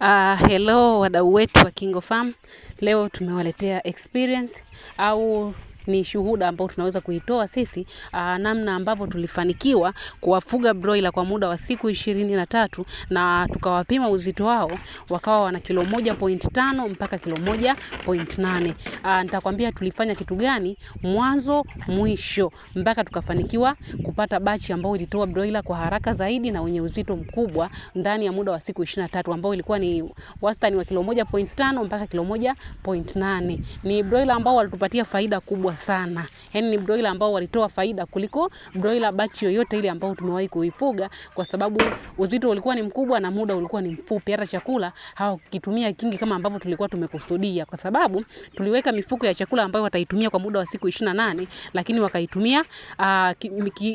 Uh, hello wadau wetu wa KingoFarm, leo tumewaletea experience au ni shuhuda ambao tunaweza kuitoa sisi aa, ah, namna ambavyo tulifanikiwa kuwafuga broiler kwa muda wa siku ishirini na tatu na tukawapima uzito wao wakawa wana kilo moja point tano mpaka kilo moja point nane. Ah, nitakwambia tulifanya kitu gani mwanzo mwisho mpaka tukafanikiwa kupata bachi ambayo ilitoa broiler kwa haraka zaidi na wenye uzito mkubwa ndani ya muda wa siku 23 ambao ilikuwa ni wastani wa kilo moja point tano mpaka kilo moja point nane. Ni broiler ambao walitupatia faida kubwa sana. Yaani ni broiler ambao walitoa faida kuliko broiler bachi yoyote ile ambayo tumewahi kuifuga, kwa sababu uzito ulikuwa ni mkubwa na muda ulikuwa ni mfupi, hata chakula hawakitumia kingi kama ambavyo tulikuwa tumekusudia, kwa sababu tuliweka mifuko ya chakula ambayo wataitumia kwa muda wa siku 28 lakini wakaitumia uh,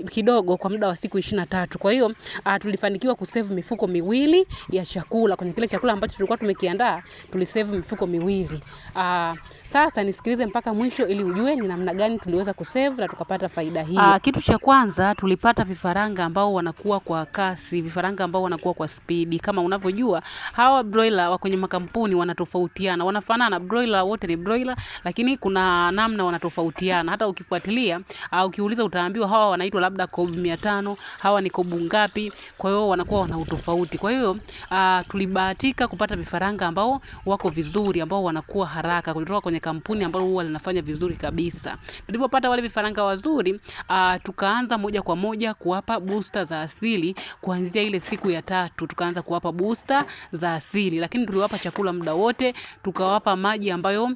kidogo kwa muda wa siku 23. Kwa hiyo uh, tulifanikiwa kusave mifuko miwili ya chakula kwenye kile chakula ambacho tulikuwa tumekiandaa, tulisave mifuko miwili. Uh, sasa nisikilize mpaka mwisho ili ujue ni namna gani tuliweza kusave na tukapata faida hii. Aa, ah, kitu cha kwanza tulipata vifaranga ambao wanakuwa kwa kasi, vifaranga ambao wanakuwa kwa spidi. Kama unavyojua hawa broiler wa kwenye makampuni wanatofautiana, wanafanana broiler wote ni broiler, lakini kuna namna wanatofautiana. Hata ukifuatilia au ah, ukiuliza utaambiwa hawa wanaitwa labda kobu mia tano, hawa ni kobu ngapi. Kwa hiyo wanakuwa wana utofauti. Kwa hiyo ah, tulibahatika kupata vifaranga ambao wako vizuri, ambao wanakuwa haraka kutoka kwenye kampuni ambayo huwa linafanya vizuri kabisa kabisa. Tulipopata wale vifaranga wazuri, uh, tukaanza moja kwa moja kuwapa booster za asili kuanzia ile siku ya tatu, tukaanza kuwapa booster za asili, lakini tuliwapa chakula muda wote, tukawapa maji ambayo uh,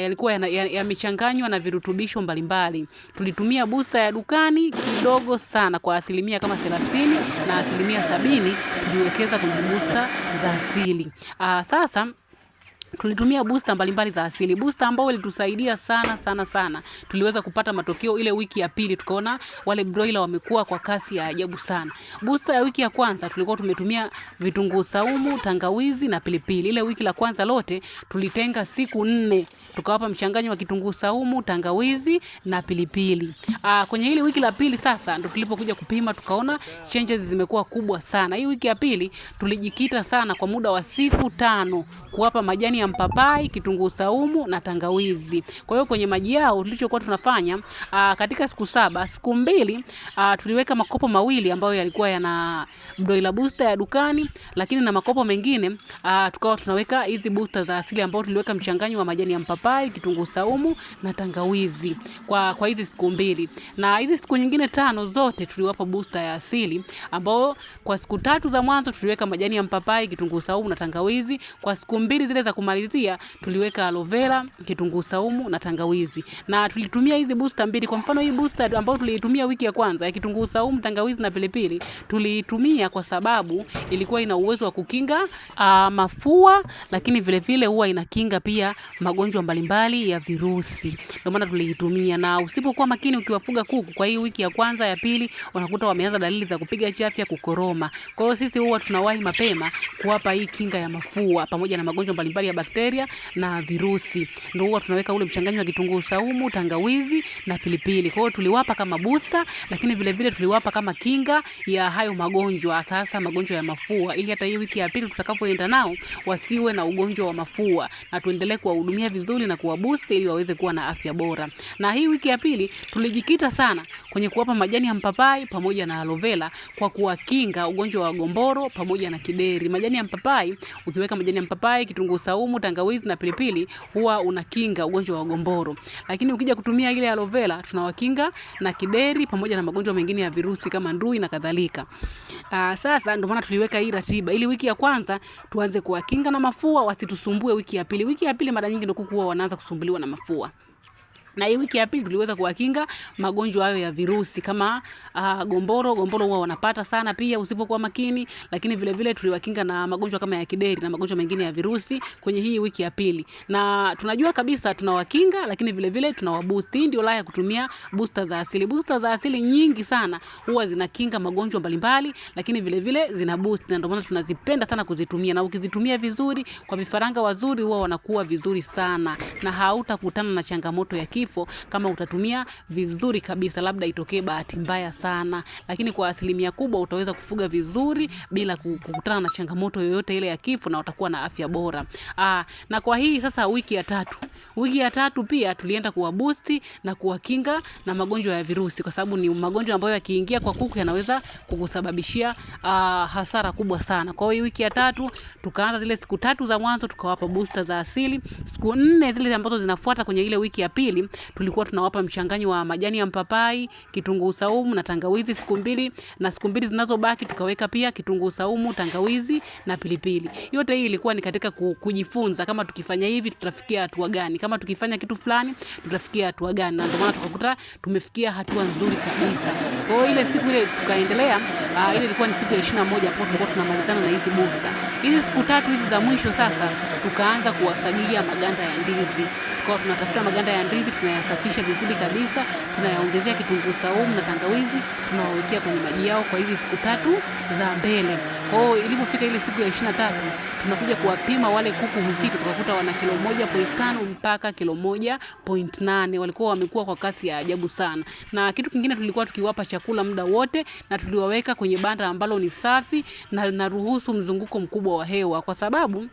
yalikuwa yamechanganywa na virutubisho mbalimbali. Tulitumia booster ya dukani kidogo sana, kwa asilimia kama 30 na asilimia sabini tuliwekeza kwenye booster za asili. Uh, sasa Tulitumia booster mbalimbali za asili, booster ambao ilitusaidia sana sana sana. Tuliweza kupata matokeo ile wiki ya pili, tukaona wale broiler wamekuwa kwa kasi ya ajabu sana. Booster ya wiki ya kwanza tulikuwa tumetumia vitunguu saumu, tangawizi na pilipili. Ile wiki la kwanza lote tulitenga siku nne, tukawapa mchanganyo wa kitunguu saumu, tangawizi na pilipili. Aa, ah, kwenye ile wiki la pili sasa ndo tulipokuja kupima, tukaona changes zimekuwa kubwa sana. Hii wiki ya pili tulijikita sana kwa muda wa siku tano kuwapa majani ya mpapai, kitunguu saumu na tangawizi. Kwa hiyo kwenye maji yao tulichokuwa tunafanya aa, ah, katika siku saba, siku mbili aa, ah, tuliweka makopo mawili ambayo yalikuwa yana broiler booster ya dukani, lakini na makopo mengine aa, ah, tukawa tunaweka hizi booster za asili ambayo tuliweka mchanganyo wa majani ya mpapai, kitunguu saumu na tangawizi kwa kwa hizi siku mbili. Na hizi siku nyingine tano zote tuliwapa booster ya asili ambao kwa siku tatu za mwanzo tuliweka majani ya mpapai, kitunguu saumu na tangawizi kwa siku mbili zile za kuma kumalizia tuliweka aloe vera, kitunguu saumu na tangawizi. Na tulitumia hizi booster mbili. Kwa mfano hii booster ambayo tuliitumia wiki ya kwanza ya kitunguu saumu, tangawizi na pilipili, tuliitumia kwa sababu ilikuwa ina uwezo wa kukinga aa, ah, mafua, lakini vile vile huwa inakinga pia magonjwa mbalimbali ya virusi. Ndio maana tuliitumia. Na usipokuwa makini ukiwafuga kuku kwa hii wiki ya kwanza ya pili, unakuta wameanza dalili za kupiga chafya, kukoroma. Kwa hiyo sisi huwa tunawahi mapema kuwapa hii kinga ya mafua pamoja na magonjwa mbalimbali ya bakteria na virusi. Ndio huwa tunaweka ule mchanganyo wa kitunguu saumu, tangawizi na pilipili. Kwa hiyo tuliwapa kama booster, lakini vile vile tuliwapa kama kinga ya hayo magonjwa, sasa magonjwa ya mafua, ili hata hii wiki ya pili tutakapoenda nao wasiwe na ugonjwa wa mafua, na tuendelee kuwahudumia vizuri na kuwa kuwaboost ili waweze kuwa na afya bora. Na hii wiki ya pili tulijikita sana kwenye kuwapa majani ya mpapai pamoja na aloe vera kwa kuwakinga ugonjwa wa gomboro pamoja na kideri. Majani ya mpapai, ukiweka majani ya mpapai, kitunguu saumu saumu, tangawizi na pilipili huwa unakinga ugonjwa wa gomboro. Lakini ukija kutumia ile aloe vera tunawakinga na kideri pamoja na magonjwa mengine ya virusi kama ndui na kadhalika. Ah, sasa ndio maana tuliweka hii ratiba ili wiki ya kwanza tuanze kuwakinga na mafua wasitusumbue wiki ya pili. Wiki ya pili mara nyingi ndio kuku wanaanza kusumbuliwa na mafua na hii wiki ya pili tuliweza kuwakinga magonjwa hayo ya virusi kama uh, gomboro. Gomboro huwa wanapata sana pia usipokuwa makini, lakini vile vile tuliwakinga na magonjwa kama ya kideri na magonjwa mengine ya virusi kwenye hii wiki ya pili, na tunajua kabisa tunawakinga, lakini vile vile tunawaboost. Ndio la ya kutumia booster za asili. Booster za asili nyingi sana huwa zinakinga magonjwa mbalimbali, lakini vile vile zina boost, na ndio maana tunazipenda sana kuzitumia, na ukizitumia vizuri kwa vifaranga wazuri huwa wanakuwa vizuri sana na hautakutana na changamoto ya kini kifo kama utatumia vizuri kabisa, labda itokee bahati mbaya sana, lakini kwa asilimia kubwa utaweza kufuga vizuri bila kukutana na changamoto yoyote ile ya kifo na utakuwa na afya bora. Aa, na kwa hii sasa wiki ya tatu wiki ya tatu pia tulienda kuwabusti na kuwakinga na magonjwa ya virusi, kwa sababu ni magonjwa ambayo yakiingia kwa kuku yanaweza kukusababishia uh, hasara kubwa sana. Kwa hiyo wiki ya tatu tukaanza zile siku tatu za mwanzo tukawapa booster za asili. Siku nne zile ambazo zinafuata kwenye ile wiki ya pili tulikuwa tunawapa mchanganyo wa majani ya mpapai, kitunguu saumu na tangawizi siku mbili, na siku mbili zinazobaki tukaweka pia kitunguu saumu, tangawizi na pilipili. Yote hii ilikuwa ni katika kujifunza kama tukifanya hivi tutafikia hatua gani, kama tukifanya kitu fulani tutafikia hatua gani, na ndio maana tukakuta tumefikia hatua nzuri kabisa. Kwa hiyo ile siku ile tukaendelea, uh, ile ilikuwa ni siku ya 21 hapo tulikuwa tunamalizana na hizi booster. Hizi siku tatu hizi za mwisho sasa tukaanza kuwasajilia maganda ya ndizi kwao. Tunatafuta maganda ya ndizi, tunayasafisha vizuri kabisa, tunayaongezea kitunguu saumu na tangawizi, tunawawekea kwenye maji yao kwa hizi siku tatu za mbele. Kwa hiyo ilipofika ile siku ya ishirini na tatu tunakuja kuwapima wale kuku mzito, tukakuta wana kilo moja point tano mpaka kilo moja point nane Walikuwa wamekuwa kwa kasi ya ajabu sana, na kitu kingine tulikuwa tukiwapa chakula muda wote, na tuliwaweka kwenye banda ambalo ni safi na linaruhusu mzunguko mkubwa wa hewa kwa sababu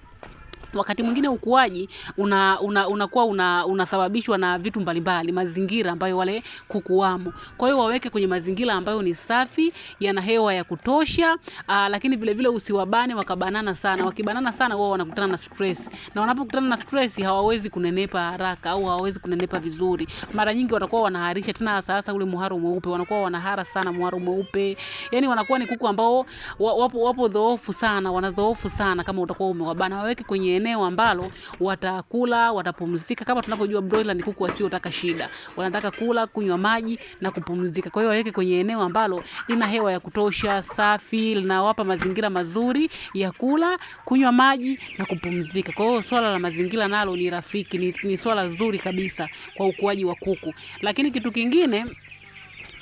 wakati mwingine ukuaji unakuwa una, una una, unasababishwa na vitu mbalimbali, mazingira ambayo wale kuku wamo. Kwa hiyo waweke kwenye mazingira ambayo ni safi, yana hewa ya kutosha aa, ah, lakini vile vile usiwabane wakabanana sana. Wakibanana sana wao wanakutana na stress. Na wanapokutana na stress hawawezi kunenepa haraka au hawawezi kunenepa vizuri. Mara nyingi watakuwa wanaharisha tena sasa ule muharo mweupe. Wanakuwa wanahara sana muharo mweupe. Yaani wanakuwa ni kuku ambao wapo wapo dhoofu sana, wanadhoofu sana kama utakuwa umewabana. Waweke kwenye eneo eneo ambalo watakula, watapumzika. Kama tunavyojua broiler ni kuku wasiotaka shida, wanataka kula, kunywa maji na kupumzika. Kwa hiyo waweke kwenye eneo ambalo lina hewa ya kutosha, safi, linawapa mazingira mazuri ya kula, kunywa maji na kupumzika. Kwa hiyo swala la mazingira nalo ni rafiki, ni, ni swala zuri kabisa kwa ukuaji wa kuku. Lakini kitu kingine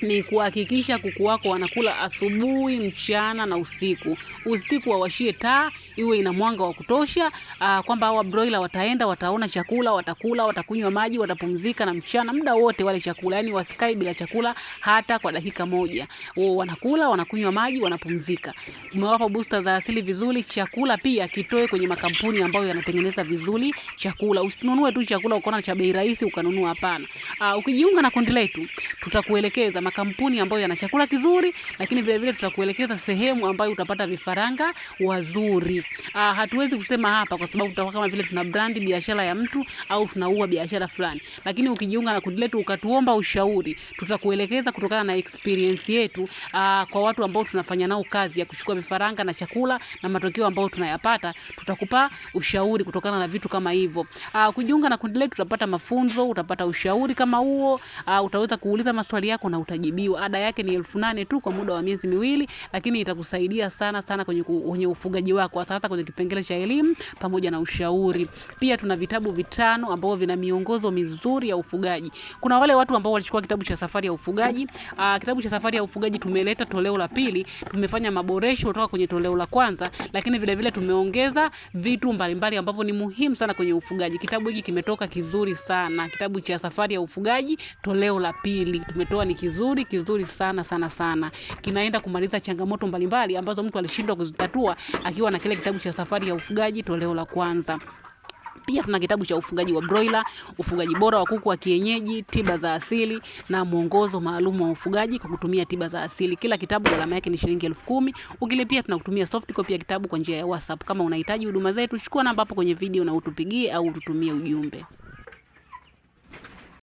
ni kuhakikisha kuku wako wanakula asubuhi, mchana na usiku. Usiku wawashie taa iwe ina mwanga wa kutosha, ah, kwamba hawa broiler wataenda wataona chakula, watakula, watakunywa maji, watapumzika, na mchana muda wote wale chakula, yani wasikae bila chakula hata kwa dakika moja. O, wanakula, wanakunywa maji, wanapumzika. Umewapa booster za asili vizuri. Chakula pia kitoe kwenye makampuni ambayo yanatengeneza vizuri chakula. Usinunue tu chakula ukaona cha bei rahisi ukanunua, hapana. Ah, ukijiunga na kundi letu tutakuelekeza makampuni ambayo yana chakula kizuri, lakini vile vile tutakuelekeza sehemu ambayo utapata vifaranga wazuri. Ah, hatuwezi kusema hapa kwa sababu tutakuwa kama vile tuna brand biashara ya mtu au tunaua biashara fulani. Lakini ukijiunga na kundi letu ukatuomba ushauri, tutakuelekeza kutokana na experience yetu ah, kwa watu ambao tunafanya nao kazi ya kuchukua vifaranga na chakula na matokeo ambayo tunayapata, tutakupa ushauri kutokana na vitu kama hivyo. Ah, kujiunga na kundi letu utapata mafunzo, utapata ushauri kama huo, ah, utaweza kuuliza maswali yako na uta utajibiwa. Ada yake ni elfu nane tu kwa muda wa miezi miwili, lakini itakusaidia sana sana kwenye, kwenye ufugaji wako, hasa hasa kwenye kipengele cha elimu pamoja na ushauri. Pia tuna vitabu vitano ambavyo vina miongozo mizuri ya ufugaji. Kuna wale watu ambao walichukua kitabu cha safari ya ufugaji. Aa, ah, kitabu cha safari ya ufugaji tumeleta toleo la pili, tumefanya maboresho kutoka kwenye toleo la kwanza, lakini vile vile tumeongeza vitu mbalimbali ambavyo ni muhimu sana kwenye ufugaji. Kitabu hiki kimetoka kizuri sana, kitabu cha safari ya ufugaji toleo la pili tumetoa ni kizuri kizuri kizuri sana sana sana, kinaenda kumaliza changamoto mbalimbali ambazo mtu alishindwa kuzitatua akiwa na kile kitabu cha Safari ya Ufugaji toleo la kwanza. Pia tuna kitabu cha ufugaji wa broiler, ufugaji bora wa kuku wa kienyeji, tiba za asili na mwongozo maalum wa ufugaji kwa kutumia tiba za asili. Kila kitabu gharama yake ni shilingi elfu kumi. Ukilipia tunakutumia soft copy ya kitabu kwa njia ya WhatsApp. Kama unahitaji huduma zetu, chukua namba hapo kwenye video na utupigie au ututumie ujumbe.